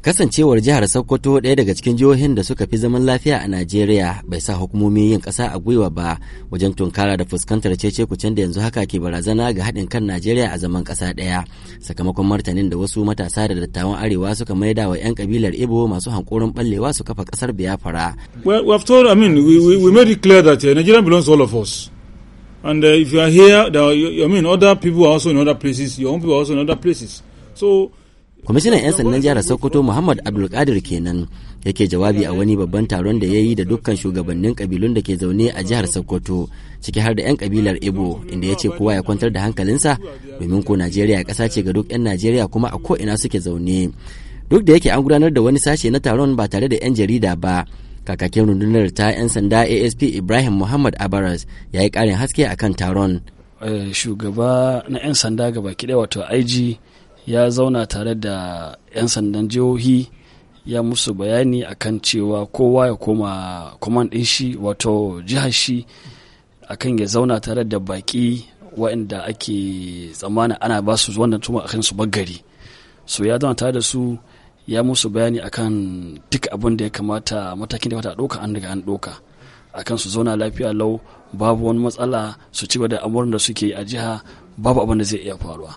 Kasancewar jihar Sokoto ɗaya daga cikin jihohin da suka fi zaman lafiya a Najeriya bai sa hukumomi yin ƙasa a gwiwa ba wajen tunkara da fuskantar cece kucin da yanzu haka ke barazana ga haɗin kan Najeriya a zaman ƙasa ɗaya sakamakon martanin da wasu matasa da dattawan arewa suka maida wa 'yan kabilar Ibo masu hankoron ballewa su kafa ƙasar Biafra. Well, we have told, I mean, we, we, we made it clear that uh, Nigeria belongs to all of us. And uh, if you are here, there you, I mean, other people are also in other places, your own people are also in other places. So, kwamishinan 'yan sandan jihar sokoto muhammad abdulkadir kenan yake jawabi a wani babban taron da ya yi da dukkan shugabannin kabilun da ke zaune a jihar sokoto ciki har da 'yan kabilar ibo inda ya ce kowa ya kwantar da hankalinsa domin ko najeriya kasa ce ga duk 'yan najeriya kuma a ko ina suke zaune duk da yake an gudanar da wani sashe na taron ba tare da 'yan jarida ba kakakin rundunar ta 'yan sanda asp ibrahim muhammad abaras ya yi ƙarin haske akan taron eh, shugaba na 'yan sanda gaba ɗaya wato ig ya zauna tare da 'yan sandan jihohi ya musu bayani akan cewa kowa ya koma kwaman ɗin shi wato jihar shi akan ya zauna tare da baƙi waɗanda ake tsammanin ana ba su wannan tuma akan su bagari so ya zauna tare da su ya musu bayani akan duk abin da ya kamata matakin da ya kamata ɗauka an daga an ɗauka akan su zauna lafiya lau babu wani matsala su ci da amurin da suke a jiha babu abin da zai iya faruwa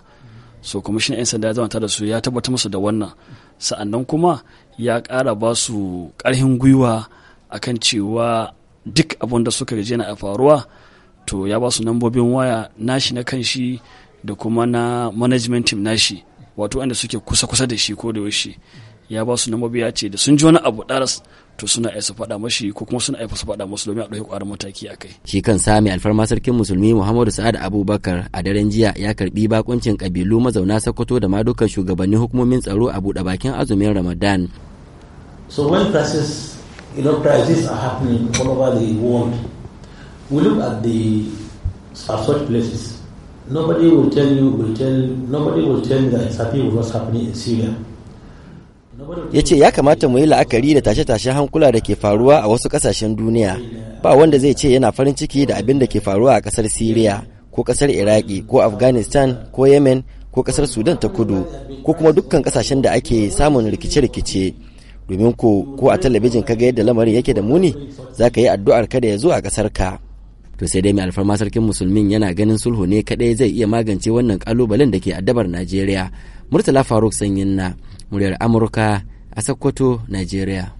so shi 'yan sanda ya zama da su ya tabbata musu da wannan sa'annan kuma ya kara ba su karhin gwiwa akan cewa duk abin da suka gaje na faruwa to ya ba su nambobin waya nashi na kan shi da kuma na management team nashi wato wanda suke kusa-kusa da shi ko da yaushe ya ba su nambobi ya ce da sun ji wani abu ɗaras to suna aisa su faɗa mashi ko kuma suna iya su faɗa musu domin a ɗauki ƙwarar mataki a kai. Shi kan sami alfarma sarkin musulmi Muhammadu Sa'ad Abubakar a daren jiya ya karbi bakuncin kabilu mazauna Sokoto da ma dukkan shugabannin hukumomin tsaro a buɗe bakin azumin Ramadan. So when crisis, you know, crisis are happening all over the world, we look at the at such places. Nobody will tell you, will tell, nobody will tell you that it's happening with what's happening in Syria. ya ce ya kamata mu yi la'akari da tashe-tashen hankula da ke faruwa a wasu kasashen duniya ba wanda zai ce yana farin ciki da abin da ke faruwa a kasar siriya ko kasar iraki ko afghanistan ko yemen ko kasar sudan ta kudu ko kuma dukkan kasashen da ake samun rikice-rikice domin ko ko a talabijin ka ga yadda lamarin yake da muni za ka yi addu'ar kada ya zo a kasar ka to sai dai mai alfarma sarkin musulmin yana ganin sulhu ne kadai zai iya magance wannan kalubalen da ke addabar najeriya murtala faruk sanyin na muryar amurka a sokoto nigeria